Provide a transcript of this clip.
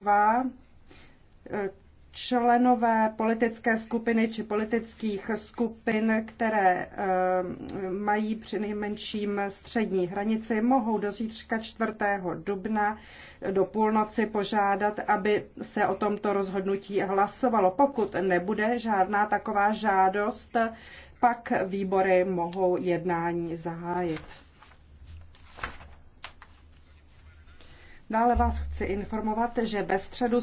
dva eh, členové politické skupiny či politických skupin, které eh, mají při nejmenším střední hranici, mohou do zítřka 4. dubna do půlnoci požádat, aby se o tomto rozhodnutí hlasovalo. Pokud nebude žádná taková žádost, pak výbory mohou jednání zahájit. Dále vás chci informovat, že ve středu